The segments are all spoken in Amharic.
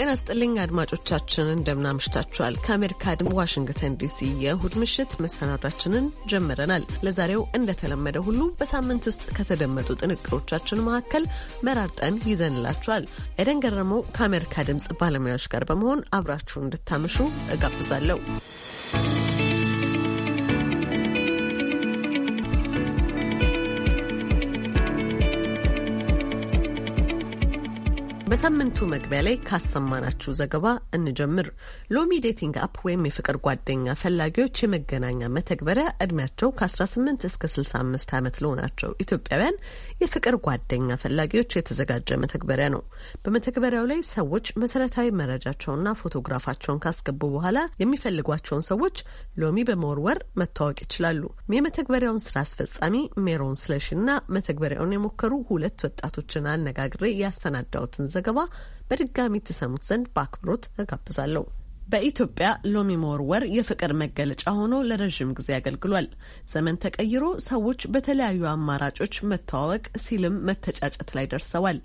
ጤና ስጥልኝ አድማጮቻችን፣ እንደምናምሽታችኋል። ከአሜሪካ ድምፅ ዋሽንግተን ዲሲ የእሁድ ምሽት መሰናዷችንን ጀምረናል። ለዛሬው እንደተለመደ ሁሉ በሳምንት ውስጥ ከተደመጡ ጥንቅሮቻችን መካከል መራርጠን ይዘንላችኋል። ኤደን ገረመው ከአሜሪካ ድምፅ ባለሙያዎች ጋር በመሆን አብራችሁ እንድታመሹ እጋብዛለሁ። በሳምንቱ መግቢያ ላይ ካሰማናችሁ ዘገባ እንጀምር። ሎሚ ዴቲንግ አፕ ወይም የፍቅር ጓደኛ ፈላጊዎች የመገናኛ መተግበሪያ እድሜያቸው ከ18 እስከ 65 ዓመት ለሆናቸው ኢትዮጵያውያን የፍቅር ጓደኛ ፈላጊዎች የተዘጋጀ መተግበሪያ ነው። በመተግበሪያው ላይ ሰዎች መሰረታዊ መረጃቸውና ፎቶግራፋቸውን ካስገቡ በኋላ የሚፈልጓቸውን ሰዎች ሎሚ በመወርወር መተዋወቅ ይችላሉ። የመተግበሪያውን ስራ አስፈጻሚ ሜሮን ስለሽ መተግበሪያውን የሞከሩ ሁለት ወጣቶችን አነጋግሬ ያሰናዳውትን ዘገባ ዘገባ በድጋሚ የተሰሙት ዘንድ በአክብሮት እጋብዛለሁ። በኢትዮጵያ ሎሚ መወርወር የፍቅር መገለጫ ሆኖ ለረዥም ጊዜ አገልግሏል። ዘመን ተቀይሮ ሰዎች በተለያዩ አማራጮች መተዋወቅ ሲልም መተጫጨት ላይ ደርሰዋል።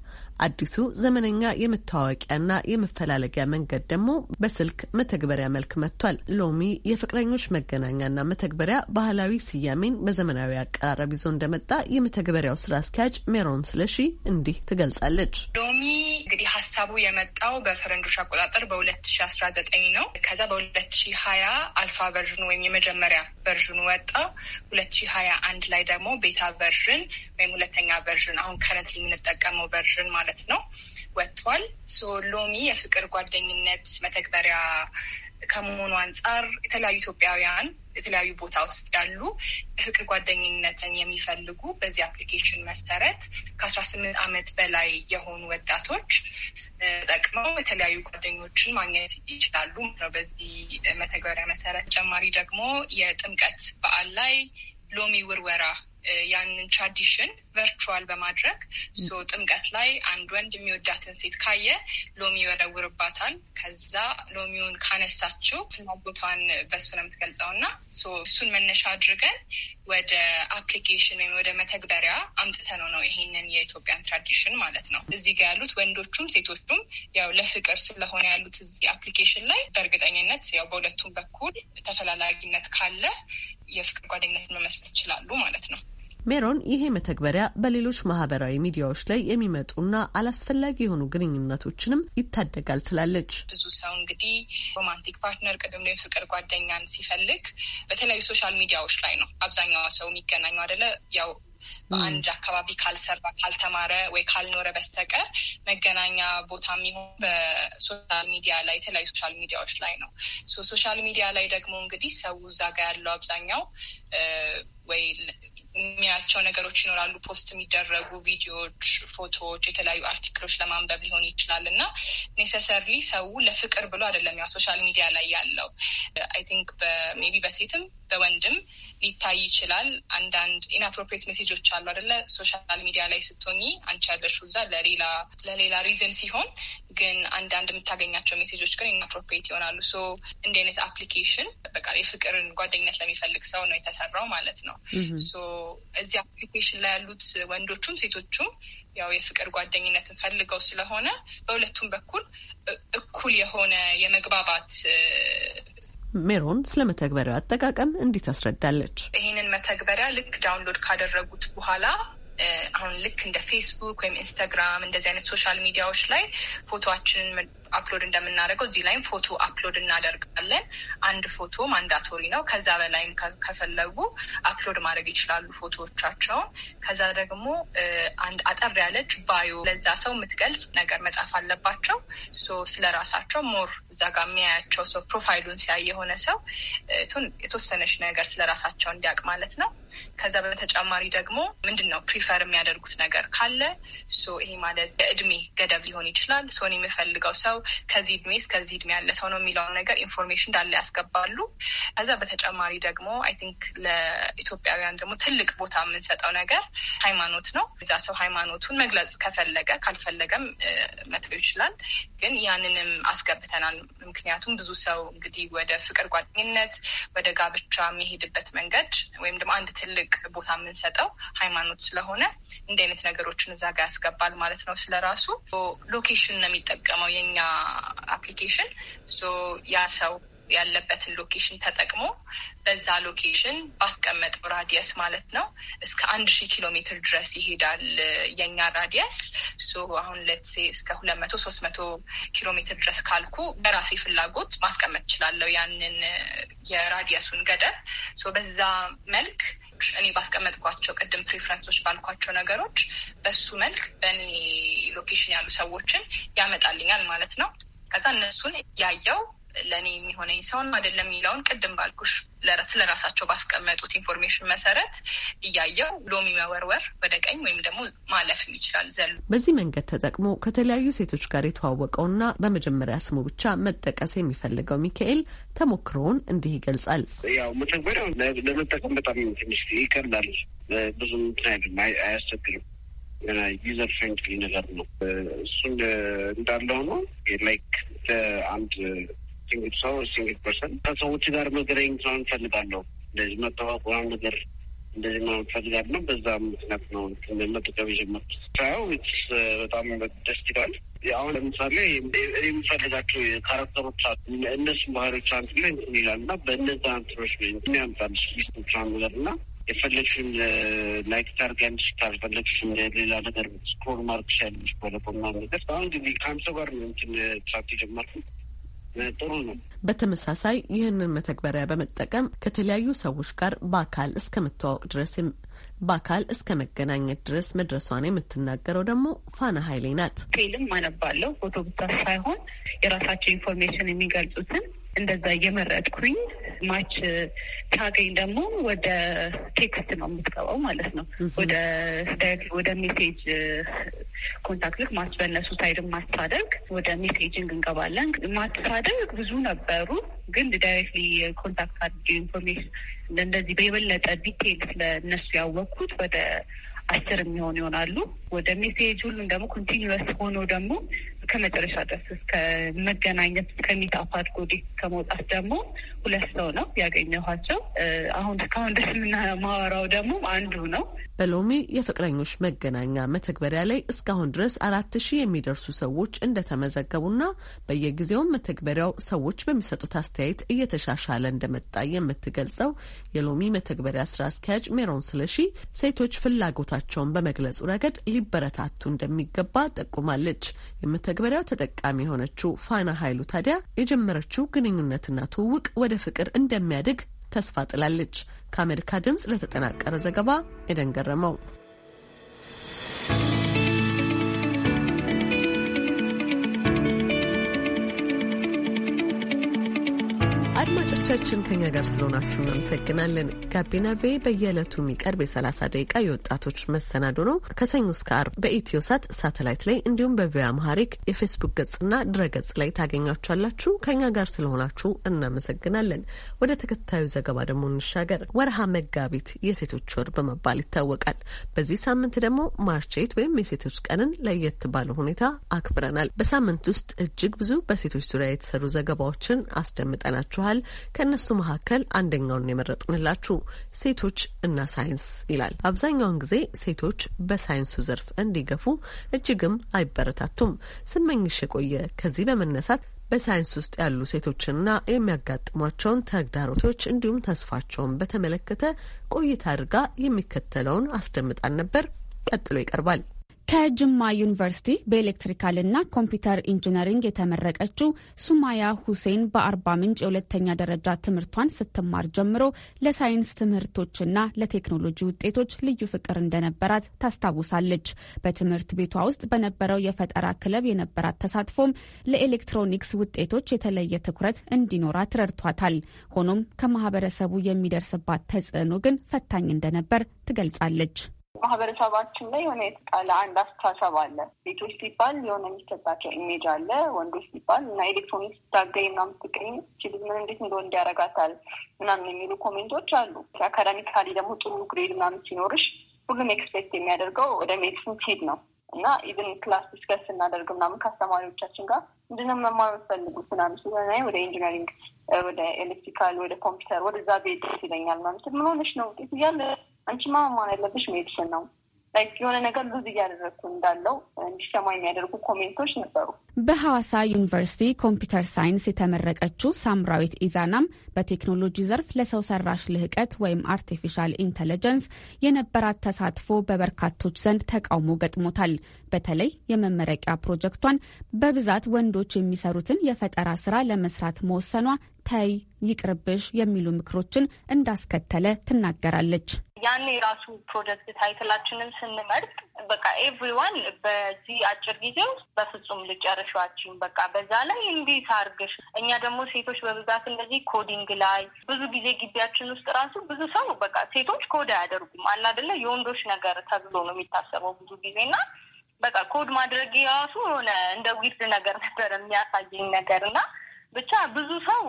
አዲሱ ዘመነኛ የመተዋወቂያና የመፈላለጊያ መንገድ ደግሞ በስልክ መተግበሪያ መልክ መጥቷል። ሎሚ የፍቅረኞች መገናኛና መተግበሪያ ባህላዊ ስያሜን በዘመናዊ አቀራረብ ይዞ እንደመጣ የመተግበሪያው ስራ አስኪያጅ ሜሮን ስለሺ እንዲህ ትገልጻለች። ሎሚ እንግዲህ ሀሳቡ የመጣው በፈረንጆች አቆጣጠር በ2019 ነው። ከዛ በ2020 አልፋ ቨርዥኑ ወይም የመጀመሪያ ቨርዥኑ ወጣ። አንድ ላይ ደግሞ ቤታ ቨርዥን ወይም ሁለተኛ ቨርዥን አሁን ከረንት የምንጠቀመው ቨርዥን ማለት ማለት ነው ወጥቷል። ሎሚ የፍቅር ጓደኝነት መተግበሪያ ከመሆኑ አንጻር የተለያዩ ኢትዮጵያውያን የተለያዩ ቦታ ውስጥ ያሉ የፍቅር ጓደኝነትን የሚፈልጉ በዚህ አፕሊኬሽን መሰረት ከአስራ ስምንት ዓመት በላይ የሆኑ ወጣቶች ተጠቅመው የተለያዩ ጓደኞችን ማግኘት ይችላሉ ነው በዚህ መተግበሪያ መሰረት። ተጨማሪ ደግሞ የጥምቀት በዓል ላይ ሎሚ ውርወራ ያንን ትራዲሽን ቨርቹዋል በማድረግ ሶ ጥምቀት ላይ አንድ ወንድ የሚወዳትን ሴት ካየ ሎሚ ይወረውርባታል። ከዛ ሎሚውን ካነሳችው ፍላጎቷን በሱ ነው የምትገልጸው እና እሱን መነሻ አድርገን ወደ አፕሊኬሽን ወይም ወደ መተግበሪያ አምጥተነው ነው ይሄንን የኢትዮጵያን ትራዲሽን ማለት ነው። እዚህ ጋር ያሉት ወንዶቹም ሴቶቹም ያው ለፍቅር ስለሆነ ያሉት እዚህ አፕሊኬሽን ላይ በእርግጠኝነት ያው በሁለቱም በኩል ተፈላላጊነት ካለ የፍቅር ጓደኝነት መመስረት ይችላሉ ማለት ነው። ሜሮን ይሄ መተግበሪያ በሌሎች ማህበራዊ ሚዲያዎች ላይ የሚመጡና አላስፈላጊ የሆኑ ግንኙነቶችንም ይታደጋል ትላለች። ብዙ ሰው እንግዲህ ሮማንቲክ ፓርትነር፣ ቅድም ላይ ፍቅር ጓደኛን ሲፈልግ በተለያዩ ሶሻል ሚዲያዎች ላይ ነው አብዛኛው ሰው የሚገናኘው አደለ ያው በአንድ አካባቢ ካልሰራ ካልተማረ ወይ ካልኖረ በስተቀር መገናኛ ቦታ የሚሆን በሶሻል ሚዲያ ላይ የተለያዩ ሶሻል ሚዲያዎች ላይ ነው። ሶሻል ሚዲያ ላይ ደግሞ እንግዲህ ሰው እዛ ጋ ያለው አብዛኛው ወይ የሚያቸው ነገሮች ይኖራሉ። ፖስት የሚደረጉ ቪዲዮዎች፣ ፎቶዎች፣ የተለያዩ አርቲክሎች ለማንበብ ሊሆን ይችላል እና ኔሰሰርሊ ሰው ለፍቅር ብሎ አይደለም ያው ሶሻል ሚዲያ ላይ ያለው አይ ቲንክ ሜቢ በሴትም በወንድም ሊታይ ይችላል። አንዳንድ ኢንአፕሮፕሬት ሜሴጆች አሉ አደለ? ሶሻል ሚዲያ ላይ ስትሆኚ አንቺ ያለሽው እዛ ለሌላ ለሌላ ሪዝን ሲሆን ግን አንዳንድ የምታገኛቸው ሜሴጆች ግን ኢንአፕሮፕሬት ይሆናሉ። ሶ እንዲህ አይነት አፕሊኬሽን በቃ የፍቅርን ጓደኝነት ለሚፈልግ ሰው ነው የተሰራው ማለት ነው። ሶ እዚህ አፕሊኬሽን ላይ ያሉት ወንዶቹም ሴቶቹም ያው የፍቅር ጓደኝነትን ፈልገው ስለሆነ በሁለቱም በኩል እኩል የሆነ የመግባባት ሜሮን ስለ መተግበሪያው አጠቃቀም እንዲህ ታስረዳለች። ይህንን መተግበሪያ ልክ ዳውንሎድ ካደረጉት በኋላ አሁን ልክ እንደ ፌስቡክ ወይም ኢንስታግራም እንደዚህ አይነት ሶሻል ሚዲያዎች ላይ ፎቶችንን አፕሎድ እንደምናደርገው እዚህ ላይም ፎቶ አፕሎድ እናደርጋለን። አንድ ፎቶ ማንዳቶሪ ነው። ከዛ በላይም ከፈለጉ አፕሎድ ማድረግ ይችላሉ ፎቶዎቻቸውን። ከዛ ደግሞ አንድ አጠር ያለች ባዮ ለዛ ሰው የምትገልጽ ነገር መጻፍ አለባቸው። ስለ ራሳቸው ሞር እዛ ጋር የሚያያቸው ሰው ፕሮፋይሉን ሲያይ የሆነ ሰው የተወሰነች ነገር ስለ ራሳቸው እንዲያውቅ ማለት ነው። ከዛ በተጨማሪ ደግሞ ምንድን ነው ፕሪፈር የሚያደርጉት ነገር ካለ ይሄ ማለት የእድሜ ገደብ ሊሆን ይችላል። ሶን የምፈልገው ሰው ከዚህ እድሜ እስከዚህ እድሜ ያለ ሰው ነው የሚለውን ነገር ኢንፎርሜሽን እንዳለ ያስገባሉ። ከዛ በተጨማሪ ደግሞ አይ ቲንክ ለኢትዮጵያውያን ደግሞ ትልቅ ቦታ የምንሰጠው ነገር ሃይማኖት ነው። እዛ ሰው ሃይማኖቱን መግለጽ ከፈለገ ካልፈለገም መተው ይችላል። ግን ያንንም አስገብተናል። ምክንያቱም ብዙ ሰው እንግዲህ ወደ ፍቅር ጓደኝነት፣ ወደ ጋብቻ የሚሄድበት መንገድ ወይም ደግሞ አንድ ትልቅ ቦታ የምንሰጠው ሃይማኖት ስለሆነ እንዲህ አይነት ነገሮችን እዛ ጋር ያስገባል ማለት ነው። ስለራሱ ሎኬሽን ነው የሚጠቀመው የኛ አፕሊኬሽን ያ ሰው ያለበትን ሎኬሽን ተጠቅሞ በዛ ሎኬሽን ባስቀመጠው ራዲየስ ማለት ነው እስከ አንድ ሺህ ኪሎ ሜትር ድረስ ይሄዳል። የኛ ራዲየስ አሁን ለትሴ እስከ ሁለት መቶ ሶስት መቶ ኪሎ ሜትር ድረስ ካልኩ በራሴ ፍላጎት ማስቀመጥ እችላለሁ ያንን የራዲየሱን ገደብ በዛ መልክ እኔ ባስቀመጥኳቸው ቅድም ፕሪፍረንሶች ባልኳቸው ነገሮች በሱ መልክ በእኔ ሎኬሽን ያሉ ሰዎችን ያመጣልኛል ማለት ነው። ከዛ እነሱን ያየው ለእኔ የሚሆነኝ ሰውን አይደለም የሚለውን ቅድም ባልኩሽ ስለራሳቸው ባስቀመጡት ኢንፎርሜሽን መሰረት እያየው ሎሚ መወርወር ወደ ቀኝ ወይም ደግሞ ማለፍም ይችላል ዘሉ። በዚህ መንገድ ተጠቅሞ ከተለያዩ ሴቶች ጋር የተዋወቀውና በመጀመሪያ ስሙ ብቻ መጠቀስ የሚፈልገው ሚካኤል ተሞክሮውን እንዲህ ይገልጻል። ያው መተግበሪያው ለመጠቀም በጣም ትንሽ ይቀላል፣ ብዙ እንትን አያስቸግርም። ዩዘር ፍሬንድሊ ነገር ነው። እሱን እንዳለው ነው ላይክ አንድ ሲንግል ሰው ሲንግል ፐርሰን ከሰዎች ጋር መገናኘት ነው እንፈልጋለሁ። እንደዚህ መተዋወቅ ነገር እንደዚህ ነው እንፈልጋለሁ። በዛ ምክንያት ነው መጠቀም የጀመርኩት። ሳያው uh, በጣም ደስ ይላል። አሁን ለምሳሌ የምፈልጋቸው ካራክተሮች አሉ። እነሱም ባህሪዎች አንት ላይ እንትን ይላል እና በእነዚ አንትሮች ምን ያምጣል ስቶች አንዱ ነገር እና የፈለግሽን ላይክ uh, ታርጋንሽ ፈለግሽን ሌላ ነገር ስክሮል ማርክሽ ያለሽ በለቆና ነገር አሁን እንግዲህ ከአንተ ጋር ነው እንትን ቻት uh, የጀመርኩት ጥሩ ነው። በተመሳሳይ ይህንን መተግበሪያ በመጠቀም ከተለያዩ ሰዎች ጋር በአካል መተዋወቅ ድረስ በአካል እስከ መገናኘት ድረስ መድረሷን የምትናገረው ደግሞ ፋና ኃይሌ ናት። ፊልም አነባለሁ ፎቶ ብቻ ሳይሆን የራሳቸው ኢንፎርሜሽን የሚገልጹትን እንደዛ እየመረጥኩኝ ማች ታገኝ ደግሞ ወደ ቴክስት ነው የምትገባው ማለት ነው። ወደ ዳይሬክት ወደ ሜሴጅ ኮንታክት ልክ ማች በእነሱ ሳይድ ማታደርግ ወደ ሜሴጅንግ እንገባለን። ማታደርግ ብዙ ነበሩ፣ ግን ዳይሬክትሊ ኮንታክት አድርጌ ኢንፎርሜሽን እንደዚህ በየበለጠ ዲቴል ስለእነሱ ያወቅኩት ወደ አስር የሚሆን ይሆናሉ። ወደ ሜሴጅ ሁሉም ደግሞ ኮንቲኒስ ሆኖ ደግሞ ከመጨረሻ ድረስ እስከ መገናኘት እስከሚት አፓድ ከመውጣት ደግሞ ሁለት ሰው ነው ያገኘኋቸው። አሁን እስካሁን ደስ የምናማወራው ደግሞ አንዱ ነው። በሎሚ የፍቅረኞች መገናኛ መተግበሪያ ላይ እስካሁን ድረስ አራት ሺህ የሚደርሱ ሰዎች እንደተመዘገቡና በየጊዜውም መተግበሪያው ሰዎች በሚሰጡት አስተያየት እየተሻሻለ እንደመጣ የምትገልጸው የሎሚ መተግበሪያ ስራ አስኪያጅ ሜሮን ስለሺ ሴቶች ፍላጎታቸውን በመግለጹ ረገድ ሊበረታቱ እንደሚገባ ጠቁማለች። የመተግበሪያው ተጠቃሚ የሆነችው ፋና ኃይሉ ታዲያ የጀመረችው ግንኙነትና ትውውቅ ወደ ፍቅር እንደሚያድግ ተስፋ ጥላለች። ከአሜሪካ ድምፅ ለተጠናቀረ ዘገባ ኤደን ገረመው። አድማጮ አድማጮቻችን ከኛ ጋር ስለሆናችሁ እናመሰግናለን። ጋቢና ቬ በየዕለቱ የሚቀርብ የ30 ደቂቃ የወጣቶች መሰናዶ ነው። ከሰኞ እስከ አርብ በኢትዮ ሳት ሳተላይት ላይ እንዲሁም በቪያ አምሃሪክ የፌስቡክ ገጽና ድረ ገጽ ላይ ታገኛችኋላችሁ። ከኛ ጋር ስለሆናችሁ እናመሰግናለን። ወደ ተከታዩ ዘገባ ደግሞ እንሻገር። ወርሃ መጋቢት የሴቶች ወር በመባል ይታወቃል። በዚህ ሳምንት ደግሞ ማርቼት ወይም የሴቶች ቀንን ለየት ባለ ሁኔታ አክብረናል። በሳምንት ውስጥ እጅግ ብዙ በሴቶች ዙሪያ የተሰሩ ዘገባዎችን አስደምጠናችኋል። ከእነሱ መካከል አንደኛውን የመረጥንላችሁ ሴቶች እና ሳይንስ ይላል። አብዛኛውን ጊዜ ሴቶች በሳይንሱ ዘርፍ እንዲገፉ እጅግም አይበረታቱም። ስመኝሽ የቆየ ከዚህ በመነሳት በሳይንስ ውስጥ ያሉ ሴቶችና የሚያጋጥሟቸውን ተግዳሮቶች እንዲሁም ተስፋቸውን በተመለከተ ቆይታ አድርጋ የሚከተለውን አስደምጣን ነበር። ቀጥሎ ይቀርባል። ከጅማ ዩኒቨርሲቲ በኤሌክትሪካል እና ኮምፒውተር ኢንጂነሪንግ የተመረቀችው ሱማያ ሁሴን በአርባ ምንጭ የሁለተኛ ደረጃ ትምህርቷን ስትማር ጀምሮ ለሳይንስ ትምህርቶችና ለቴክኖሎጂ ውጤቶች ልዩ ፍቅር እንደነበራት ታስታውሳለች። በትምህርት ቤቷ ውስጥ በነበረው የፈጠራ ክለብ የነበራት ተሳትፎም ለኤሌክትሮኒክስ ውጤቶች የተለየ ትኩረት እንዲኖራት ረድቷታል። ሆኖም ከማህበረሰቡ የሚደርስባት ተጽዕኖ ግን ፈታኝ እንደነበር ትገልጻለች። ማህበረሰባችን ላይ የሆነ የተጣለ አንድ አስተሳሰብ አለ። ሴቶች ሲባል የሆነ የሚሰጣቸው ኢሜጅ አለ። ወንዶች ሲባል እና ኤሌክትሮኒክስ ስታገኝ ምናምን ስትገኝ ችል ምን እንዴት እንደሆነ እንዲያረጋታል ምናምን የሚሉ ኮሜንቶች አሉ። አካዳሚካሊ ደግሞ ጥሩ ግሬድ ምናምን ሲኖርሽ ሁሉም ኤክስፔክት የሚያደርገው ወደ ሜዲሲን ሲሄድ ነው እና ኢቨን ክላስ ዲስከስ እናደርግ ምናምን ከአስተማሪዎቻችን ጋር ምንድነው መማር የምትፈልጉት ምናምን ስለሆነ ወደ ኢንጂነሪንግ፣ ወደ ኤሌክትሪካል፣ ወደ ኮምፒውተር ወደዛ ቤት ይለኛል ማለት ምን ሆነሽ ነው ውጤት እያለ አንቺ ማማን ያለብሽ ሜዲሽን ነው የሆነ ነገር ብዙ እያደረግኩ እንዳለው እንዲሰማ የሚያደርጉ ኮሜንቶች ነበሩ። በሐዋሳ ዩኒቨርሲቲ ኮምፒውተር ሳይንስ የተመረቀችው ሳምራዊት ኢዛናም በቴክኖሎጂ ዘርፍ ለሰው ሰራሽ ልህቀት ወይም አርቲፊሻል ኢንተለጀንስ የነበራት ተሳትፎ በበርካቶች ዘንድ ተቃውሞ ገጥሞታል። በተለይ የመመረቂያ ፕሮጀክቷን በብዛት ወንዶች የሚሰሩትን የፈጠራ ስራ ለመስራት መወሰኗ ተይ ይቅርብሽ የሚሉ ምክሮችን እንዳስከተለ ትናገራለች። ያን የራሱ ፕሮጀክት ታይትላችንን ስንመርጥ በቃ ኤቭሪዋን በዚህ አጭር ጊዜ ውስጥ በፍጹም ልጨርሻችን በቃ በዛ ላይ እንዴት አርግሽ። እኛ ደግሞ ሴቶች በብዛት እንደዚህ ኮዲንግ ላይ ብዙ ጊዜ ግቢያችን ውስጥ ራሱ ብዙ ሰው በቃ ሴቶች ኮድ አያደርጉም አለ አይደለ የወንዶች ነገር ተብሎ ነው የሚታሰበው ብዙ ጊዜና በቃ ኮድ ማድረግ የራሱ የሆነ እንደ ዊርድ ነገር ነበር የሚያሳየኝ ነገር እና ብቻ ብዙ ሰው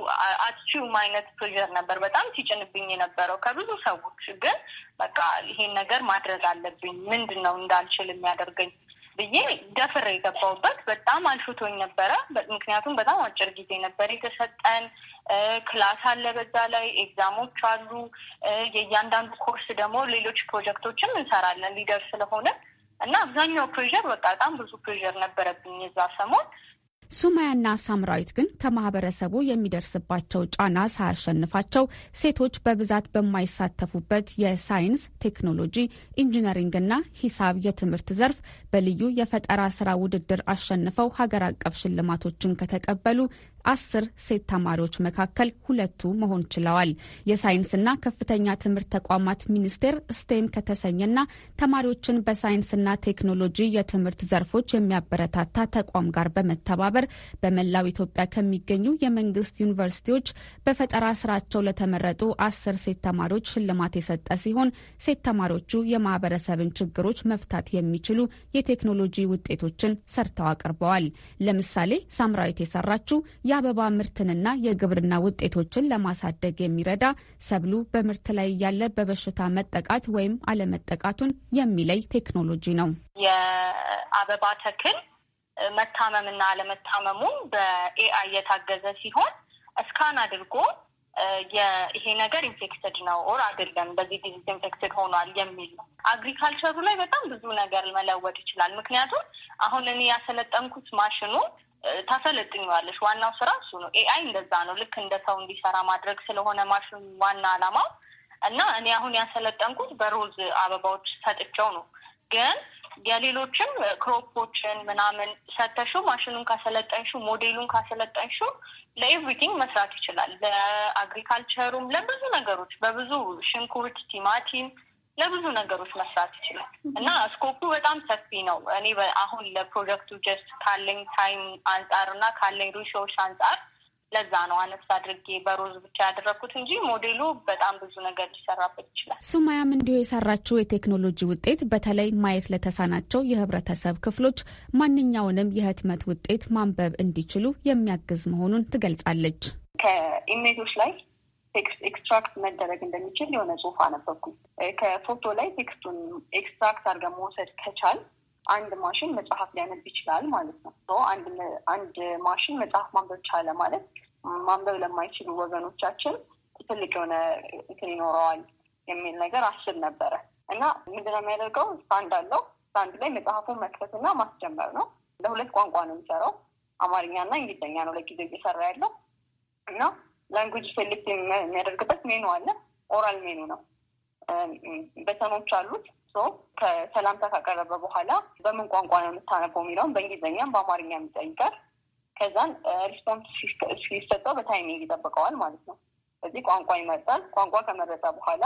አትችውም አይነት ፕሬዠር ነበር በጣም ሲጭንብኝ የነበረው ከብዙ ሰዎች። ግን በቃ ይሄን ነገር ማድረግ አለብኝ፣ ምንድን ነው እንዳልችል የሚያደርገኝ ብዬ ደፍር የገባውበት በጣም አልሽቶኝ ነበረ። ምክንያቱም በጣም አጭር ጊዜ ነበር የተሰጠን። ክላስ አለ፣ በዛ ላይ ኤግዛሞች አሉ። የእያንዳንዱ ኮርስ ደግሞ ሌሎች ፕሮጀክቶችም እንሰራለን ሊደር ስለሆነ እና አብዛኛው ፕሬዠር በቃ በጣም ብዙ ፕሬዠር ነበረብኝ የዛ ሰሞን ሱማያና ሳምራዊት ግን ከማህበረሰቡ የሚደርስባቸው ጫና ሳያሸንፋቸው ሴቶች በብዛት በማይሳተፉበት የሳይንስ ቴክኖሎጂ፣ ኢንጂነሪንግና ሂሳብ የትምህርት ዘርፍ በልዩ የፈጠራ ስራ ውድድር አሸንፈው ሀገር አቀፍ ሽልማቶችን ከተቀበሉ አስር ሴት ተማሪዎች መካከል ሁለቱ መሆን ችለዋል። የሳይንስና ከፍተኛ ትምህርት ተቋማት ሚኒስቴር ስቴም ከተሰኘና ተማሪዎችን በሳይንስና ቴክኖሎጂ የትምህርት ዘርፎች የሚያበረታታ ተቋም ጋር በመተባበር በመላው ኢትዮጵያ ከሚገኙ የመንግስት ዩኒቨርሲቲዎች በፈጠራ ስራቸው ለተመረጡ አስር ሴት ተማሪዎች ሽልማት የሰጠ ሲሆን ሴት ተማሪዎቹ የማህበረሰብን ችግሮች መፍታት የሚችሉ የቴክኖሎጂ ውጤቶችን ሰርተው አቅርበዋል። ለምሳሌ ሳምራዊት የሰራችው የአበባ ምርትንና የግብርና ውጤቶችን ለማሳደግ የሚረዳ ሰብሉ በምርት ላይ ያለ በበሽታ መጠቃት ወይም አለመጠቃቱን የሚለይ ቴክኖሎጂ ነው። የአበባ ተክል መታመምና አለመታመሙ በኤአይ የታገዘ ሲሆን እስካን አድርጎ ይሄ ነገር ኢንፌክትድ ነው ኦር አይደለም በዚህ ዲዚዝ ኢንፌክትድ ሆኗል የሚል ነው። አግሪካልቸሩ ላይ በጣም ብዙ ነገር መለወጥ ይችላል። ምክንያቱም አሁን እኔ ያሰለጠንኩት ማሽኑ ታሰለጥኛዋለሽ። ዋናው ስራ እሱ ነው። ኤአይ እንደዛ ነው። ልክ እንደ ሰው እንዲሰራ ማድረግ ስለሆነ ማሽኑ ዋና አላማው እና እኔ አሁን ያሰለጠንኩት በሮዝ አበባዎች ሰጥቸው ነው ግን የሌሎችም ክሮፖችን ምናምን ሰተሹ ማሽኑን ካሰለጠንሹ ሞዴሉን ካሰለጠንሹ ለኤቭሪቲንግ መስራት ይችላል። ለአግሪካልቸሩም፣ ለብዙ ነገሮች በብዙ ሽንኩርት፣ ቲማቲም ለብዙ ነገሮች መስራት ይችላል እና ስኮፑ በጣም ሰፊ ነው። እኔ አሁን ለፕሮጀክቱ ጀስት ካለኝ ታይም አንጻር እና ካለኝ ሪሶርስ አንጻር ለዛ ነው አነስ አድርጌ በሮዝ ብቻ ያደረግኩት እንጂ ሞዴሉ በጣም ብዙ ነገር ሊሰራበት ይችላል። ሱማያም እንዲሁ የሰራችው የቴክኖሎጂ ውጤት በተለይ ማየት ለተሳናቸው የህብረተሰብ ክፍሎች ማንኛውንም የህትመት ውጤት ማንበብ እንዲችሉ የሚያግዝ መሆኑን ትገልጻለች። ከኢሜቶች ላይ ቴክስት ኤክስትራክት መደረግ እንደሚችል የሆነ ጽሁፍ አነበብኩኝ። ከፎቶ ላይ ቴክስቱን ኤክስትራክት አድርገን መውሰድ ከቻል አንድ ማሽን መጽሐፍ ሊያነብ ይችላል ማለት ነው። አንድ ማሽን መጽሐፍ ማንበብ ቻለ ማለት ማንበብ ለማይችሉ ወገኖቻችን ትልቅ የሆነ እንትን ይኖረዋል የሚል ነገር አስብ ነበረ እና ምንድነው የሚያደርገው ስታንድ አለው። ስታንድ ላይ መጽሐፉን መክፈትና ማስጀመር ነው። ለሁለት ቋንቋ ነው የሚሰራው፣ አማርኛና እንግሊዝኛ ነው ለጊዜው እየሰራ ያለው እና ላንጉጅ ሴሌክት የሚያደርግበት ሜኑ አለ። ኦራል ሜኑ ነው። በተኖች አሉት ከሰላምታ ካቀረበ በኋላ በምን ቋንቋ ነው የምታነበው የሚለውን በእንግሊዝኛም በአማርኛ ይጠይቃል ከዛን ሪስፖንስ ሲሰጠው በታይሚንግ ይጠብቀዋል ማለት ነው። እዚህ ቋንቋ ይመርጣል። ቋንቋ ከመረጠ በኋላ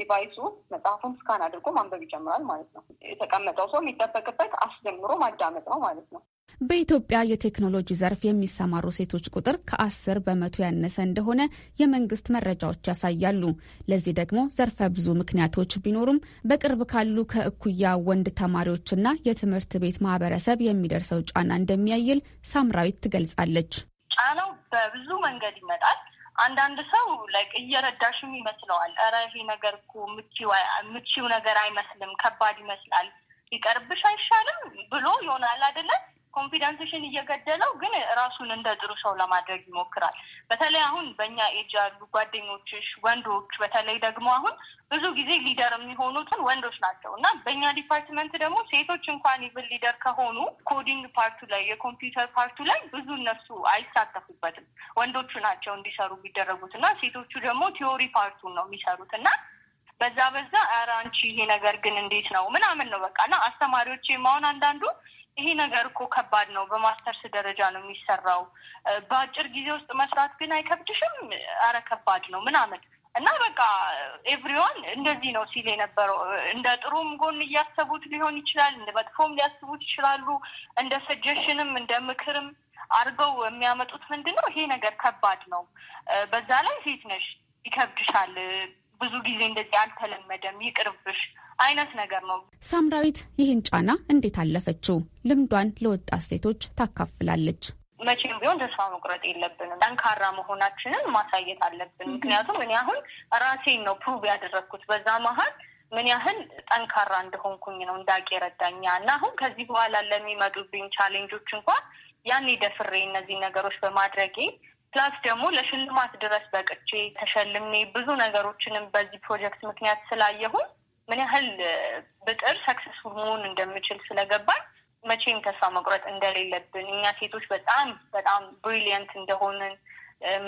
ዲቫይሱ መጽሐፉን ስካን አድርጎ ማንበብ ይጀምራል ማለት ነው። የተቀመጠው ሰው የሚጠበቅበት አስጀምሮ ማዳመጥ ነው ማለት ነው። በኢትዮጵያ የቴክኖሎጂ ዘርፍ የሚሰማሩ ሴቶች ቁጥር ከአስር በመቶ ያነሰ እንደሆነ የመንግስት መረጃዎች ያሳያሉ። ለዚህ ደግሞ ዘርፈ ብዙ ምክንያቶች ቢኖሩም በቅርብ ካሉ ከእኩያ ወንድ ተማሪዎችና የትምህርት ቤት ማህበረሰብ የሚደርሰው ጫና እንደሚያይል ሳምራዊት ትገልጻለች። ጫናው በብዙ መንገድ ይመጣል። አንዳንድ ሰው ላይክ እየረዳሽም ይመስለዋል። ኧረ ይሄ ነገር እኮ ምቺው ነገር አይመስልም፣ ከባድ ይመስላል፣ ይቀርብሽ አይሻልም ብሎ ይሆናል አይደለም ኮንፊደንስሽን እየገደለው ግን ራሱን እንደ ጥሩ ሰው ለማድረግ ይሞክራል። በተለይ አሁን በእኛ ኤጅ ያሉ ጓደኞችሽ ወንዶች፣ በተለይ ደግሞ አሁን ብዙ ጊዜ ሊደር የሚሆኑትን ወንዶች ናቸው እና በእኛ ዲፓርትመንት ደግሞ ሴቶች እንኳን ይብል ሊደር ከሆኑ ኮዲንግ ፓርቱ ላይ የኮምፒውተር ፓርቱ ላይ ብዙ እነሱ አይሳተፉበትም። ወንዶቹ ናቸው እንዲሰሩ የሚደረጉት እና ሴቶቹ ደግሞ ቲዮሪ ፓርቱን ነው የሚሰሩት እና በዛ በዛ ኧረ አንቺ ይሄ ነገር ግን እንዴት ነው ምናምን ነው በቃ እና አስተማሪዎች ማሆን አንዳንዱ ይሄ ነገር እኮ ከባድ ነው። በማስተርስ ደረጃ ነው የሚሰራው። በአጭር ጊዜ ውስጥ መስራት ግን አይከብድሽም? አረ ከባድ ነው ምናምን እና በቃ ኤቭሪዋን እንደዚህ ነው ሲል የነበረው። እንደ ጥሩም ጎን እያሰቡት ሊሆን ይችላል፣ እንደ መጥፎም ሊያስቡት ይችላሉ። እንደ ሰጀሽንም እንደ ምክርም አድርገው የሚያመጡት ምንድን ነው፣ ይሄ ነገር ከባድ ነው፣ በዛ ላይ ሴት ነሽ፣ ይከብድሻል፣ ብዙ ጊዜ እንደዚህ አልተለመደም፣ ይቅርብሽ አይነት ነገር ነው። ሳምራዊት ይህን ጫና እንዴት አለፈችው? ልምዷን ለወጣት ሴቶች ታካፍላለች። መቼም ቢሆን ተስፋ መቁረጥ የለብንም። ጠንካራ መሆናችንን ማሳየት አለብን። ምክንያቱም እኔ አሁን ራሴን ነው ፕሩቭ ያደረግኩት። በዛ መሀል ምን ያህል ጠንካራ እንደሆንኩኝ ነው እንዳቅ የረዳኛ እና አሁን ከዚህ በኋላ ለሚመጡብኝ ቻሌንጆች እንኳን ያኔ ደፍሬ እነዚህ ነገሮች በማድረጌ ፕላስ ደግሞ ለሽልማት ድረስ በቅቼ ተሸልሜ ብዙ ነገሮችንም በዚህ ፕሮጀክት ምክንያት ስላየሁን ምን ያህል ብጥር ሰክሰስፉል መሆን እንደምችል ስለገባኝ መቼም ተስፋ መቁረጥ እንደሌለብን እኛ ሴቶች በጣም በጣም ብሪሊየንት እንደሆንን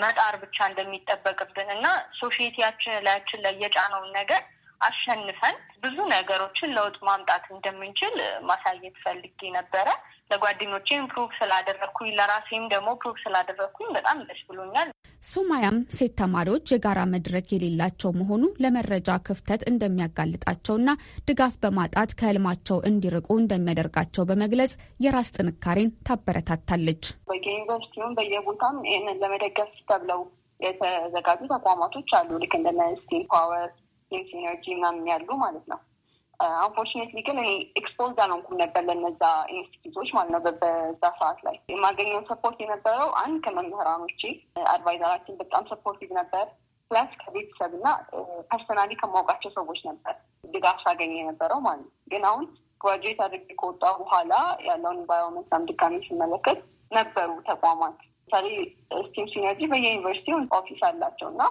መጣር ብቻ እንደሚጠበቅብን እና ሶሽቲያችን ላያችን ላይ የጫነውን ነገር አሸንፈን ብዙ ነገሮችን ለውጥ ማምጣት እንደምንችል ማሳየት ፈልጌ ነበረ። ለጓደኞቼም ፕሩቭ ስላደረግኩኝ ለራሴም ደግሞ ፕሩቭ ስላደረግኩኝ በጣም ደስ ብሎኛል። ሱማያም ሴት ተማሪዎች የጋራ መድረክ የሌላቸው መሆኑ ለመረጃ ክፍተት እንደሚያጋልጣቸውና ድጋፍ በማጣት ከህልማቸው እንዲርቁ እንደሚያደርጋቸው በመግለጽ የራስ ጥንካሬን ታበረታታለች። በየዩኒቨርሲቲውም በየቦታም ይህንን ለመደገፍ ተብለው የተዘጋጁ ተቋማቶች አሉ ልክ እንደነ ስቲል ፓወር የኢንሲነርጂ ምናምን ያሉ ማለት ነው። አንፎርችኔትሊ ግን እኔ ኤክስፖዝድ አልሆንኩም ነበር ለነዛ ኢንስቲቱቶች ማለት ነው። በዛ ሰዓት ላይ የማገኘው ሰፖርት የነበረው አንድ ከመምህራኖቼ አድቫይዘራችን በጣም ሰፖርቲቭ ነበር። ፕላስ ከቤተሰብ እና ፐርሰናሊ ከማውቃቸው ሰዎች ነበር ድጋፍ ሳገኘ የነበረው ማለት ነው። ግን አሁን ግራጁዌት አድርጌ ከወጣ በኋላ ያለውን ኢንቫይሮንመንት ድጋሚ ስመለከት ነበሩ ተቋማት ለምሳሌ ስቲም ሲነርጂ በየዩኒቨርሲቲ ኦፊስ አላቸው እና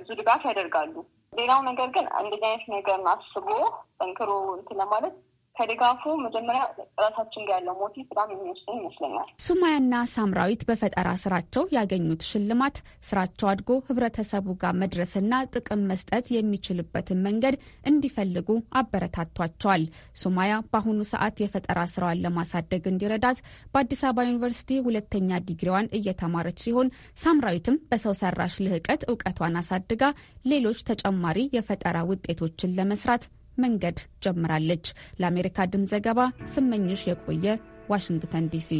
ብዙ ድጋፍ ያደርጋሉ ሌላው ነገር ግን እንደዚህ አይነት ነገር አስቦ ጠንክሮ እንትን ለማለት ከድጋፉ መጀመሪያ ራሳችን ጋር ያለው ሞቲቭ በጣም የሚወስን ይመስለኛል። ሱማያና ሳምራዊት በፈጠራ ስራቸው ያገኙት ሽልማት ስራቸው አድጎ ህብረተሰቡ ጋር መድረስና ጥቅም መስጠት የሚችልበትን መንገድ እንዲፈልጉ አበረታቷቸዋል። ሱማያ በአሁኑ ሰዓት የፈጠራ ስራዋን ለማሳደግ እንዲረዳት በአዲስ አበባ ዩኒቨርሲቲ ሁለተኛ ዲግሪዋን እየተማረች ሲሆን፣ ሳምራዊትም በሰው ሰራሽ ልህቀት እውቀቷን አሳድጋ ሌሎች ተጨማሪ የፈጠራ ውጤቶችን ለመስራት መንገድ ጀምራለች። ለአሜሪካ ድምፅ ዘገባ ስመኝሽ የቆየ ዋሽንግተን ዲሲ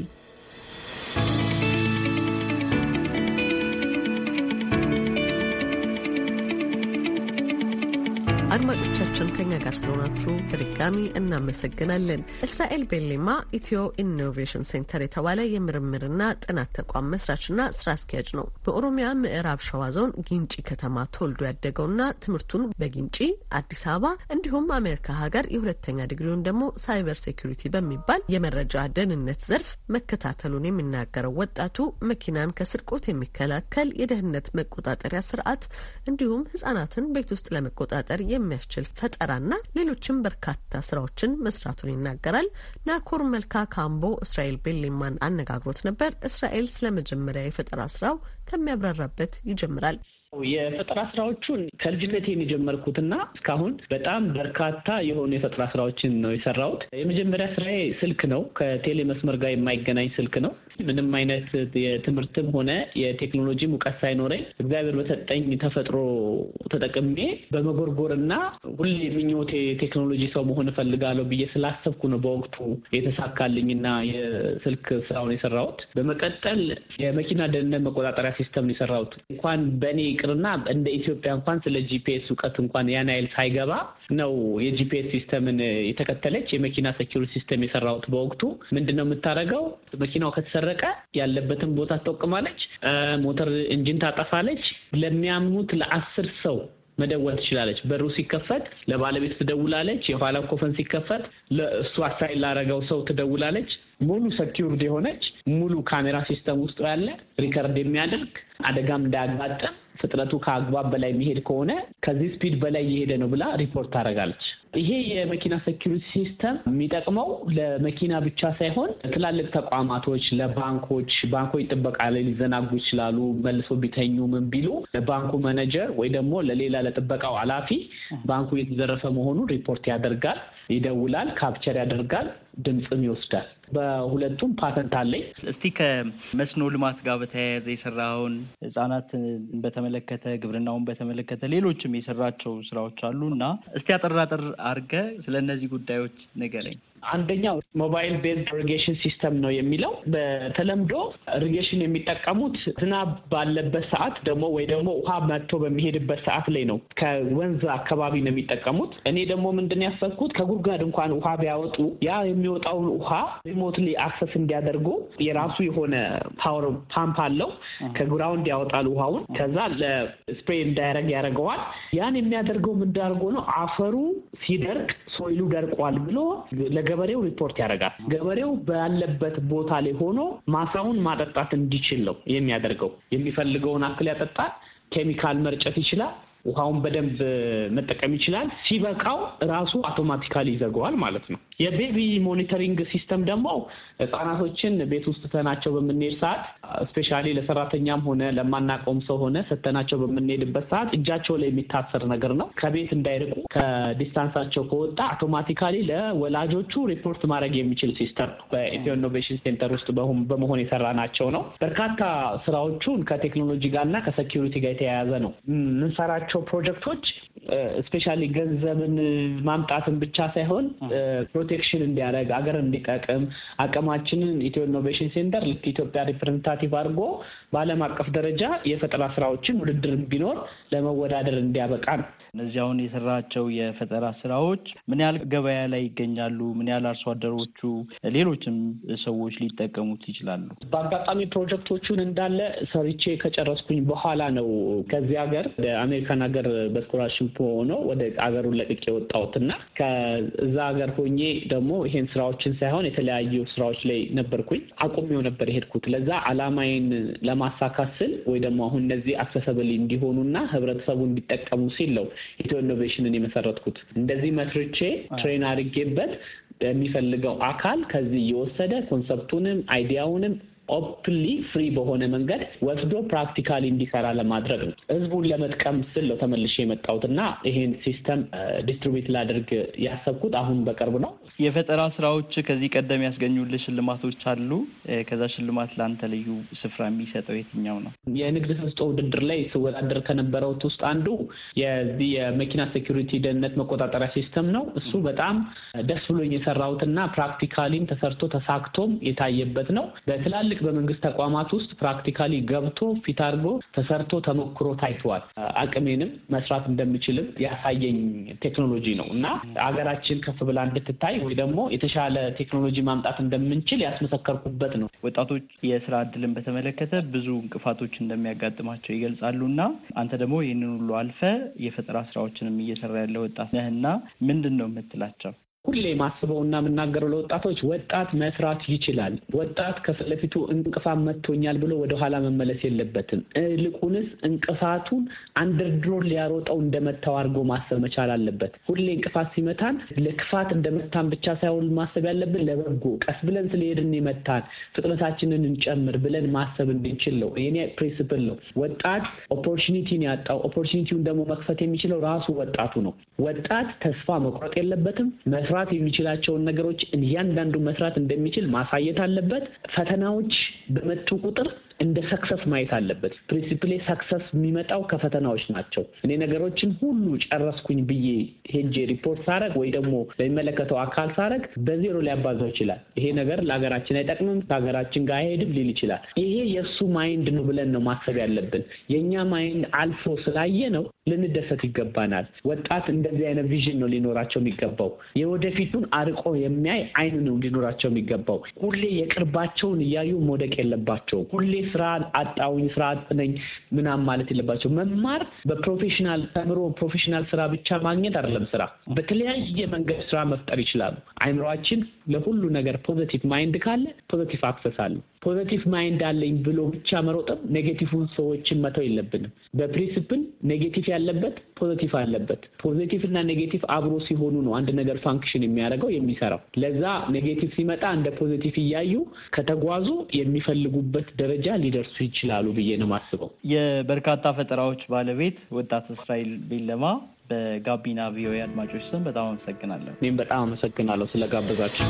ዝግጅታችን ከኛ ጋር ስለሆናችሁ በድጋሚ እናመሰግናለን። እስራኤል ቤሌማ ኢትዮ ኢኖቬሽን ሴንተር የተባለ የምርምርና ጥናት ተቋም መስራችና ስራ አስኪያጅ ነው። በኦሮሚያ ምዕራብ ሸዋ ዞን ጊንጪ ከተማ ተወልዶ ያደገውና ትምህርቱን በጊንጪ አዲስ አበባ እንዲሁም አሜሪካ ሀገር የሁለተኛ ዲግሪውን ደግሞ ሳይበር ሴኩሪቲ በሚባል የመረጃ ደህንነት ዘርፍ መከታተሉን የሚናገረው ወጣቱ መኪናን ከስርቆት የሚከላከል የደህንነት መቆጣጠሪያ ስርዓት እንዲሁም ህጻናትን ቤት ውስጥ ለመቆጣጠር የሚያስችል ፈጠራና ሌሎችም በርካታ ስራዎችን መስራቱን ይናገራል። ናኮር መልካ ካምቦ እስራኤል ቤሌማን አነጋግሮት ነበር። እስራኤል ስለ መጀመሪያ የፈጠራ ስራው ከሚያብራራበት ይጀምራል። የፈጠራ ስራዎቹን ከልጅነት የጀመርኩትና እስካሁን በጣም በርካታ የሆኑ የፈጠራ ስራዎችን ነው የሰራሁት። የመጀመሪያ ስራዬ ስልክ ነው። ከቴሌ መስመር ጋር የማይገናኝ ስልክ ነው። ምንም አይነት የትምህርትም ሆነ የቴክኖሎጂ እውቀት ሳይኖረኝ እግዚአብሔር በሰጠኝ ተፈጥሮ ተጠቅሜ በመጎርጎርና ሁሌ ምኞቴ ቴክኖሎጂ ሰው መሆን እፈልጋለሁ ብዬ ስላሰብኩ ነው በወቅቱ የተሳካልኝና የስልክ ስራውን የሰራሁት። በመቀጠል የመኪና ደህንነት መቆጣጠሪያ ሲስተም ነው የሰራሁት። እንኳን በእኔ ይቅርና እንደ ኢትዮጵያ እንኳን ስለ ጂፒኤስ እውቀት እንኳን ያን ያህል ሳይገባ ነው የጂፒኤስ ሲስተምን የተከተለች የመኪና ሴኪሪቲ ሲስተም የሰራሁት። በወቅቱ ምንድን ነው የምታደርገው መኪናው ከተሰራ እየሰረቀ ያለበትን ቦታ ትጠቁማለች፣ ሞተር ኢንጂን ታጠፋለች። ለሚያምኑት ለአስር ሰው መደወል ትችላለች። በሩ ሲከፈት ለባለቤት ትደውላለች። የኋላ ኮፈን ሲከፈት ለእሱ አሳይ ላረገው ሰው ትደውላለች። ሙሉ ሰኪውርድ የሆነች ሙሉ ካሜራ ሲስተም ውስጡ ያለ ሪከርድ የሚያደርግ አደጋም እንዳያጋጥም ፍጥነቱ ከአግባብ በላይ የሚሄድ ከሆነ ከዚህ ስፒድ በላይ እየሄደ ነው ብላ ሪፖርት ታደርጋለች። ይሄ የመኪና ሴኪሪቲ ሲስተም የሚጠቅመው ለመኪና ብቻ ሳይሆን ትላልቅ ተቋማቶች፣ ለባንኮች ባንኮች ጥበቃ ላይ ሊዘናጉ ይችላሉ። መልሶ ቢተኙ ምን ቢሉ ለባንኩ መነጀር ወይ ደግሞ ለሌላ ለጥበቃው ኃላፊ ባንኩ የተዘረፈ መሆኑን ሪፖርት ያደርጋል፣ ይደውላል፣ ካፕቸር ያደርጋል፣ ድምፅም ይወስዳል። በሁለቱም ፓተንት አለኝ። እስቲ ከመስኖ ልማት ጋር በተያያዘ የሰራውን ህጻናትን በተመለከተ ግብርናውን በተመለከተ ሌሎችም የሰራቸው ስራዎች አሉ እና እስቲ አጠር አጠር አድርገህ ስለ እነዚህ ጉዳዮች ንገረኝ። አንደኛው ሞባይል ቤዝድ ኢሪጌሽን ሲስተም ነው የሚለው። በተለምዶ ኢሪጌሽን የሚጠቀሙት ዝናብ ባለበት ሰዓት ደግሞ ወይ ደግሞ ውሃ መጥቶ በሚሄድበት ሰዓት ላይ ነው። ከወንዝ አካባቢ ነው የሚጠቀሙት። እኔ ደግሞ ምንድን ያሰብኩት ከጉድጓድ እንኳን ውሃ ቢያወጡ ያ የሚወጣውን ውሃ ሪሞትሊ አክሰስ እንዲያደርጉ የራሱ የሆነ ፓወር ፓምፕ አለው። ከግራውንድ ያወጣል ውሃውን። ከዛ ለስፕሬ እንዳያደረግ ያደረገዋል። ያን የሚያደርገው ምንዳርጎ ነው አፈሩ ሲደርቅ ሶይሉ ደርቋል ብሎ ለገ ለገበሬው ሪፖርት ያደርጋል። ገበሬው ባለበት ቦታ ላይ ሆኖ ማሳውን ማጠጣት እንዲችል ነው የሚያደርገው። የሚፈልገውን አክል ያጠጣል። ኬሚካል መርጨት ይችላል። ውሃውን በደንብ መጠቀም ይችላል። ሲበቃው ራሱ አውቶማቲካሊ ይዘገዋል ማለት ነው። የቤቢ ሞኒተሪንግ ሲስተም ደግሞ ህጻናቶችን ቤት ውስጥ ተናቸው በምንሄድ ሰዓት ስፔሻሊ ለሰራተኛም ሆነ ለማናቀውም ሰው ሆነ ሰተናቸው በምንሄድበት ሰዓት እጃቸው ላይ የሚታሰር ነገር ነው። ከቤት እንዳይርቁ ከዲስታንሳቸው ከወጣ አውቶማቲካሊ ለወላጆቹ ሪፖርት ማድረግ የሚችል ሲስተም በኢትዮ ኢኖቬሽን ሴንተር ውስጥ በመሆን የሰራ ናቸው ነው። በርካታ ስራዎቹን ከቴክኖሎጂ ጋር እና ከሰኪሪቲ ጋር የተያያዘ ነው የምንሰራቸው ፕሮጀክቶች ስፔሻሊ ገንዘብን ማምጣትን ብቻ ሳይሆን ፕሮቴክሽን እንዲያደርግ አገር እንዲጠቅም አቅማችንን ኢትዮ ኢኖቬሽን ሴንተር ልክ ኢትዮጵያ ሪፕሬዘንታቲቭ አድርጎ በዓለም አቀፍ ደረጃ የፈጠራ ስራዎችን ውድድር ቢኖር ለመወዳደር እንዲያበቃ ነው። እነዚህ አሁን የሰራቸው የፈጠራ ስራዎች ምን ያህል ገበያ ላይ ይገኛሉ? ምን ያህል አርሶ አደሮቹ፣ ሌሎችም ሰዎች ሊጠቀሙት ይችላሉ? በአጋጣሚ ፕሮጀክቶቹን እንዳለ ሰርቼ ከጨረስኩኝ በኋላ ነው ከዚህ ሀገር ወደ አሜሪካን ሀገር በስኮላርሺፕ ሆኖ ወደ አገሩን ለቅቄ የወጣሁትና ከዛ ሀገር ሆኜ ደግሞ ይሄን ስራዎችን ሳይሆን የተለያዩ ስራዎች ላይ ነበርኩኝ። አቁሜው ነበር የሄድኩት ለዛ አላማዬን ለማ ለማሳካት ስል ወይ ደግሞ አሁን እነዚህ አክሰሰብል እንዲሆኑና ህብረተሰቡ እንዲጠቀሙ ሲል ነው ኢትዮ ኢኖቬሽንን የመሰረትኩት። እንደዚህ መትርቼ ትሬን አድርጌበት የሚፈልገው አካል ከዚህ እየወሰደ ኮንሰፕቱንም አይዲያውንም ኦፕሊ ፍሪ በሆነ መንገድ ወስዶ ፕራክቲካሊ እንዲሰራ ለማድረግ ነው። ህዝቡን ለመጥቀም ስል ነው ተመልሼ የመጣሁት እና ይሄን ሲስተም ዲስትሪቢዩት ላድርግ ያሰብኩት አሁን በቅርብ ነው። የፈጠራ ስራዎች ከዚህ ቀደም ያስገኙልህ ሽልማቶች አሉ? ከዛ ሽልማት ለአንተ ልዩ ስፍራ የሚሰጠው የትኛው ነው? የንግድ ተሰጥኦ ውድድር ላይ ስወዳደር ከነበረውት ውስጥ አንዱ የዚህ የመኪና ሴኩሪቲ ደህንነት መቆጣጠሪያ ሲስተም ነው። እሱ በጣም ደስ ብሎኝ የሰራሁትና ፕራክቲካሊም ተሰርቶ ተሳክቶም የታየበት ነው። በትላልቅ በመንግስት ተቋማት ውስጥ ፕራክቲካሊ ገብቶ ፊት አድርጎ ተሰርቶ ተሞክሮ ታይተዋል። አቅሜንም መስራት እንደምችልም ያሳየኝ ቴክኖሎጂ ነው እና አገራችን ከፍ ብላ እንድትታይ ወይ ደግሞ የተሻለ ቴክኖሎጂ ማምጣት እንደምንችል ያስመሰከርኩበት ነው። ወጣቶች የስራ እድልን በተመለከተ ብዙ እንቅፋቶች እንደሚያጋጥማቸው ይገልጻሉ እና አንተ ደግሞ ይህንን ሁሉ አልፈ የፈጠራ ስራዎችንም እየሰራ ያለ ወጣት ነህና ምንድን ነው የምትላቸው? ሁሌ እና የምናገረው ለወጣቶች ወጣት መስራት ይችላል። ወጣት ከፊት ለፊቱ እንቅፋት መጥቶኛል ብሎ ወደኋላ መመለስ የለበትም። ይልቁንስ እንቅፋቱን አንድርድሮ ሊያሮጠው እንደመታው አድርጎ ማሰብ መቻል አለበት። ሁሌ እንቅፋት ሲመታን ለክፋት እንደመታን ብቻ ሳይሆን ማሰብ ያለብን ለበጎ፣ ቀስ ብለን ስለሄድን የመታን ፍጥነታችንን እንጨምር ብለን ማሰብ እንድንችል ነው። የኔ ፕሪንስፕል ነው። ወጣት ኦፖርቹኒቲን ያጣው ኦፖርቹኒቲውን ደግሞ መክፈት የሚችለው ራሱ ወጣቱ ነው። ወጣት ተስፋ መቁረጥ የለበትም። መስራት የሚችላቸውን ነገሮች እያንዳንዱ መስራት እንደሚችል ማሳየት አለበት። ፈተናዎች በመጡ ቁጥር እንደ ሰክሰስ ማየት አለበት። ፕሪንሲፕሌ ሰክሰስ የሚመጣው ከፈተናዎች ናቸው። እኔ ነገሮችን ሁሉ ጨረስኩኝ ብዬ ሄጄ ሪፖርት ሳረግ ወይ ደግሞ ለሚመለከተው አካል ሳረግ በዜሮ ሊያባዛው ይችላል። ይሄ ነገር ለሀገራችን አይጠቅምም፣ ከሀገራችን ጋር አይሄድም ሊል ይችላል። ይሄ የእሱ ማይንድ ነው ብለን ነው ማሰብ ያለብን። የእኛ ማይንድ አልፎ ስላየ ነው ልንደሰት ይገባናል። ወጣት እንደዚህ አይነት ቪዥን ነው ሊኖራቸው የሚገባው። የወደፊቱን አርቆ የሚያይ አይን ነው ሊኖራቸው የሚገባው። ሁሌ የቅርባቸውን እያዩ መውደቅ የለባቸው ሁሌ ስራ አጣውኝ፣ ስራ አጥነኝ ምናም ማለት የለባቸው። መማር በፕሮፌሽናል ተምሮ ፕሮፌሽናል ስራ ብቻ ማግኘት አይደለም። ስራ በተለያየ መንገድ ስራ መፍጠር ይችላሉ። አይምሯችን ለሁሉ ነገር ፖዘቲቭ ማይንድ ካለ ፖዘቲቭ አክሰስ አለው። ፖዘቲቭ ማይንድ አለኝ ብሎ ብቻ መሮጥም ኔጌቲቭን ሰዎችን መተው የለብንም። በፕሪንስፕል ኔጌቲቭ ያለበት ፖዘቲቭ አለበት። ፖዘቲቭ እና ኔጌቲቭ አብሮ ሲሆኑ ነው አንድ ነገር ፋንክሽን የሚያደርገው የሚሰራው። ለዛ ኔጌቲቭ ሲመጣ እንደ ፖዘቲቭ እያዩ ከተጓዙ የሚፈልጉበት ደረጃ ሊደርሱ ይችላሉ ብዬ ነው የማስበው። የበርካታ ፈጠራዎች ባለቤት ወጣት እስራኤል ቤለማ በጋቢና ቪኦኤ አድማጮች ስም በጣም አመሰግናለሁ። እኔም በጣም አመሰግናለሁ ስለጋበዛችሁ።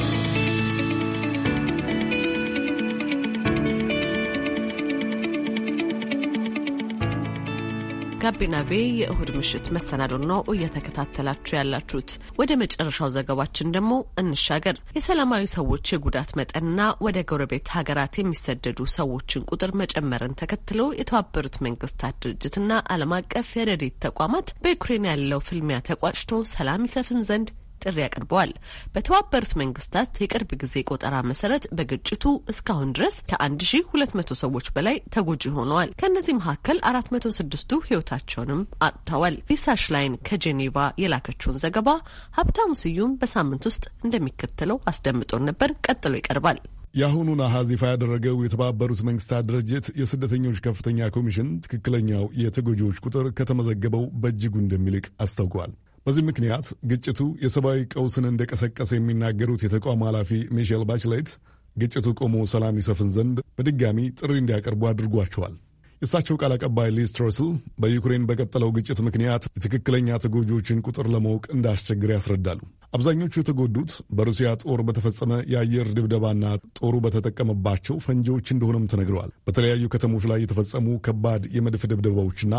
ጋቢና ቤ የእሁድ ምሽት መሰናዶ ነው እየተከታተላችሁ ያላችሁት። ወደ መጨረሻው ዘገባችን ደግሞ እንሻገር። የሰላማዊ ሰዎች የጉዳት መጠንና ወደ ጎረቤት ሀገራት የሚሰደዱ ሰዎችን ቁጥር መጨመርን ተከትሎ የተባበሩት መንግስታት ድርጅትና ዓለም አቀፍ የረድኤት ተቋማት በዩክሬን ያለው ፍልሚያ ተቋጭቶ ሰላም ይሰፍን ዘንድ ጥሪ አቅርበዋል። በተባበሩት መንግስታት የቅርብ ጊዜ ቆጠራ መሰረት በግጭቱ እስካሁን ድረስ ከ1200 ሰዎች በላይ ተጎጂ ሆነዋል። ከእነዚህ መካከል 406ቱ ህይወታቸውንም አጥተዋል። ሊሳ ሽላይን ከጄኔቫ የላከችውን ዘገባ ሀብታሙ ስዩም በሳምንት ውስጥ እንደሚከተለው አስደምጦን ነበር። ቀጥሎ ይቀርባል። የአሁኑን አሃዝ ይፋ ያደረገው የተባበሩት መንግስታት ድርጅት የስደተኞች ከፍተኛ ኮሚሽን ትክክለኛው የተጎጂዎች ቁጥር ከተመዘገበው በእጅጉ እንደሚልቅ አስታውቋል። በዚህ ምክንያት ግጭቱ የሰብአዊ ቀውስን እንደቀሰቀሰ የሚናገሩት የተቋም ኃላፊ ሚሼል ባችሌት ግጭቱ ቆሞ ሰላም ይሰፍን ዘንድ በድጋሚ ጥሪ እንዲያቀርቡ አድርጓቸዋል። የእሳቸው ቃል አቀባይ ሊዝ ትሮስል በዩክሬን በቀጠለው ግጭት ምክንያት የትክክለኛ ተጎጂዎችን ቁጥር ለማወቅ እንዳስቸግር ያስረዳሉ። አብዛኞቹ የተጎዱት በሩሲያ ጦር በተፈጸመ የአየር ድብደባና ጦሩ በተጠቀመባቸው ፈንጂዎች እንደሆነም ተነግረዋል። በተለያዩ ከተሞች ላይ የተፈጸሙ ከባድ የመድፍ ድብደባዎችና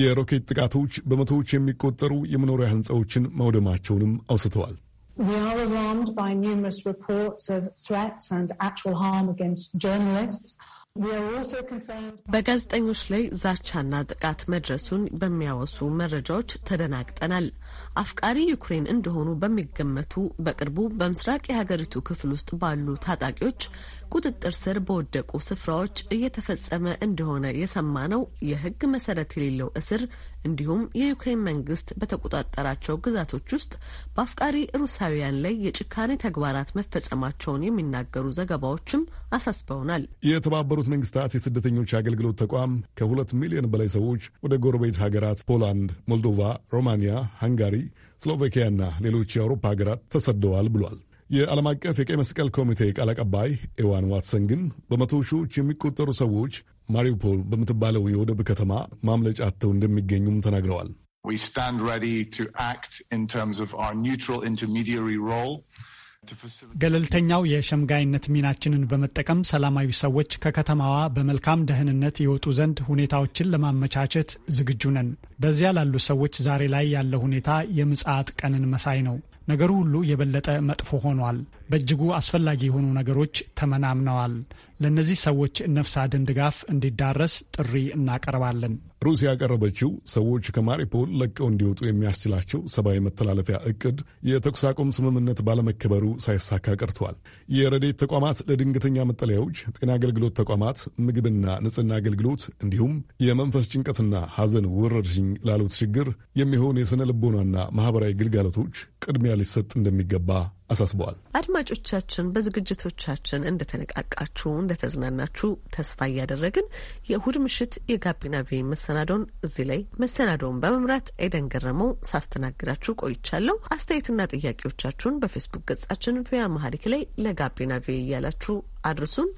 የሮኬት ጥቃቶች በመቶዎች የሚቆጠሩ የመኖሪያ ህንፃዎችን ማውደማቸውንም አውስተዋል። በጋዜጠኞች ላይ ዛቻና ጥቃት መድረሱን በሚያወሱ መረጃዎች ተደናግጠናል። አፍቃሪ ዩክሬን እንደሆኑ በሚገመቱ በቅርቡ በምስራቅ የሀገሪቱ ክፍል ውስጥ ባሉ ታጣቂዎች ቁጥጥር ስር በወደቁ ስፍራዎች እየተፈጸመ እንደሆነ የሰማነው የህግ መሰረት የሌለው እስር እንዲሁም የዩክሬን መንግስት በተቆጣጠራቸው ግዛቶች ውስጥ በአፍቃሪ ሩሳውያን ላይ የጭካኔ ተግባራት መፈጸማቸውን የሚናገሩ ዘገባዎችም አሳስበውናል። የተባበሩት መንግስታት የስደተኞች አገልግሎት ተቋም ከሁለት ሚሊዮን በላይ ሰዎች ወደ ጎረቤት ሀገራት ፖላንድ፣ ሞልዶቫ፣ ሮማንያ፣ ሃንጋሪ፣ ስሎቫኪያና ሌሎች የአውሮፓ ሀገራት ተሰደዋል ብሏል። የዓለም አቀፍ የቀይ መስቀል ኮሚቴ ቃል አቀባይ ኤዋን ዋትሰን ግን በመቶ ሺዎች የሚቆጠሩ ሰዎች ማሪውፖል በምትባለው የወደብ ከተማ ማምለጫ አጥተው እንደሚገኙም ተናግረዋል። We stand ready to act in terms of our neutral intermediary role ገለልተኛው የሸምጋይነት ሚናችንን በመጠቀም ሰላማዊ ሰዎች ከከተማዋ በመልካም ደህንነት የወጡ ዘንድ ሁኔታዎችን ለማመቻቸት ዝግጁ ነን። በዚያ ላሉ ሰዎች ዛሬ ላይ ያለው ሁኔታ የምጽአት ቀንን መሳይ ነው። ነገሩ ሁሉ የበለጠ መጥፎ ሆኗል። በእጅጉ አስፈላጊ የሆኑ ነገሮች ተመናምነዋል። ለእነዚህ ሰዎች ነፍስ አድን ድጋፍ እንዲዳረስ ጥሪ እናቀርባለን። ሩሲያ ያቀረበችው ሰዎች ከማሪፖል ለቀው እንዲወጡ የሚያስችላቸው ሰብአዊ መተላለፊያ እቅድ የተኩስ አቁም ስምምነት ባለመከበሩ ሳይሳካ ቀርቷል። የረዴት ተቋማት ለድንገተኛ መጠለያዎች፣ ጤና አገልግሎት ተቋማት፣ ምግብና ንጽህና አገልግሎት እንዲሁም የመንፈስ ጭንቀትና ሐዘን ወረርሽኝ ላሉት ችግር የሚሆን የሥነ ልቦናና ማኅበራዊ ግልጋሎቶች ቅድሚያ ሊሰጥ እንደሚገባ አሳስበዋል። አድማጮቻችን በዝግጅቶቻችን እንደተነቃቃችሁ፣ እንደተዝናናችሁ ተስፋ እያደረግን የእሁድ ምሽት የጋቢና ቪ መሰናዶን እዚህ ላይ መሰናዶውን በመምራት ኤደን ገረመው ሳስተናግዳችሁ ቆይቻለሁ። አስተያየትና ጥያቄዎቻችሁን በፌስቡክ ገጻችን ቪያ መሀሪክ ላይ ለጋቢና ቪ እያላችሁ አድርሱን።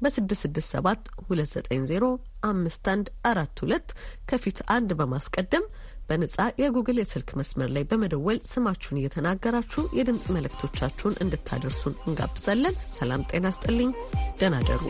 አንድ አራት ሁለት ከፊት አንድ በማስቀደም በነጻ የጉግል የስልክ መስመር ላይ በመደወል ስማችሁን እየተናገራችሁ የድምፅ መልእክቶቻችሁን እንድታደርሱን እንጋብዛለን። ሰላም ጤና ስጥልኝ። ደናደሩ